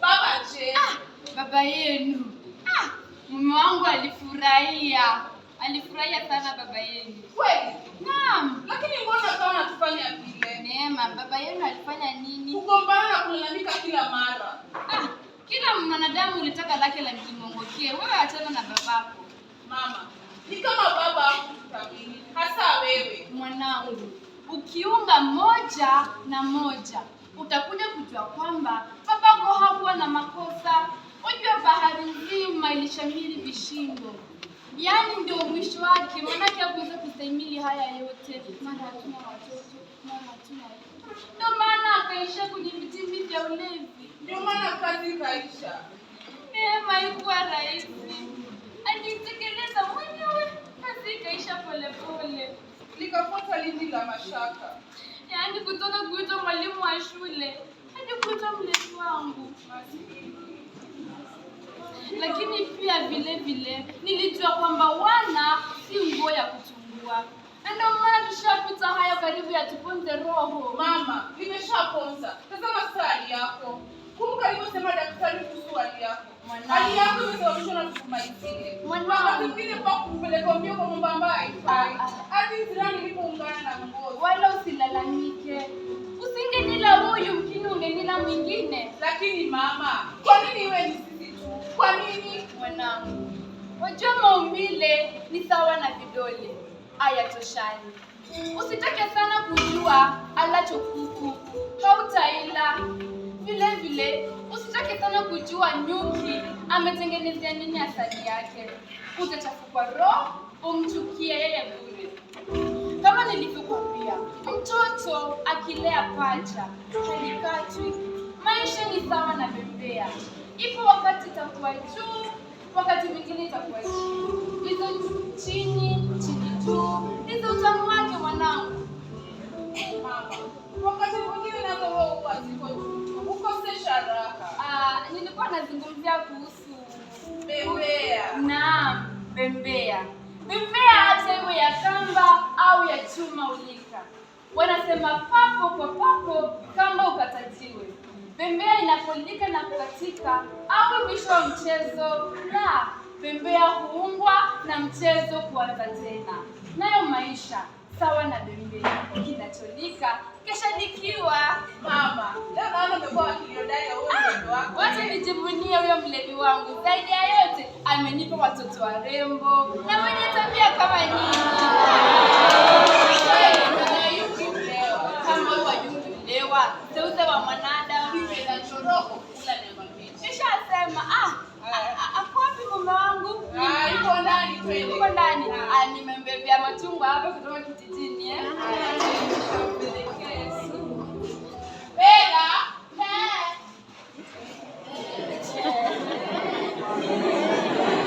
Baba je? Ah, baba yenu. Ah, mume wangu alifurahia. Alifurahia sana baba yenu. Kweli? Naam. Lakini mbona kama unatufanya vile? Neema, baba yenu alifanya nini? Kugombana na kulalamika kila mara. Ah, kila mwanadamu ulitaka lake la mkimongokie. Wewe achana na babako. Mama, ni kama baba hasa wewe. Mwanangu, ukiunga moja na moja utakuja kujua kwamba Papago hakuwa na makosa. Ujua bahari nzima ilishamili vishindo, yaani ndio mwisho wake, maanake akuweza kustahimili haya yote, maana hatuna watoto, maana hatuna ndio maana akaisha kwenye vitimbi vya ulevi, ndio maana kazi kaisha Neema haikuwa rahisi, alitekeleza mwenyewe, kazi ikaisha polepole, likafuata lindi la mashaka yaani kutoka kuitwa mwalimu wa shule hadi kuitwa mlezi wangu. Lakini pia vile vile nilijua kwamba wana si nguo ya kuchungua, na ndio maana tushapita hayo karibu yatuponze roho. Mama, nimeshaponza. Tazama sali yako. Kumbuka alivyosema daktari kuhusu hali yako. Hali yako imesababishwa na kusukuma isili. kwa kupeleka mbio kwa mambo ambayo haifai. Ah, ah, ah. Hadi jirani ilipoungana na ngozi. Wala usilalamike. Usingenila huyu mkini ungenila mwingine. Lakini mama, kwa nini iwe ni sisi tu? Kwa nini? Mwanangu, wajua maumbile ni sawa na vidole. aya toshani Usitake sana kujua alacho kuku. Hautaila. Vile vile usitake sana kujua nyuki ametengenezea nini asali yake, utachafukwa roho umchukie yeye bure. Kama nilivyokuambia, mtoto akilea pacha halikatwi. Maisha ni sawa na bembea, ipo wakati itakuwa juu, wakati mwingine itakuwa chini, hizo chini chini juu, hizo utamu wake mwanangu. Mama, wakati mwingine nazowaukaziko nilikuwa nazungumzia kuhusu bembea. Naam, bembea. Bembea hata iwe ya kamba au ya chuma ulika, wanasema papo kwa papo kamba ukatatiwe. Bembea inapolika na kukatika au mwisho wa mchezo, la bembea huungwa na mchezo kuanza tena, nayo maisha sawa na bembe yako kinacholika kesha nikiwa Mama, leo naona umekuwa wakiliodai huyo ah, mtoto wako. Wacha nijivunie huyo mlevi wangu, zaidi ya yote amenipa watoto warembo na mwenye tabia kama nyinyi. nimembebea machungwa hapa kutoka kijijini eh.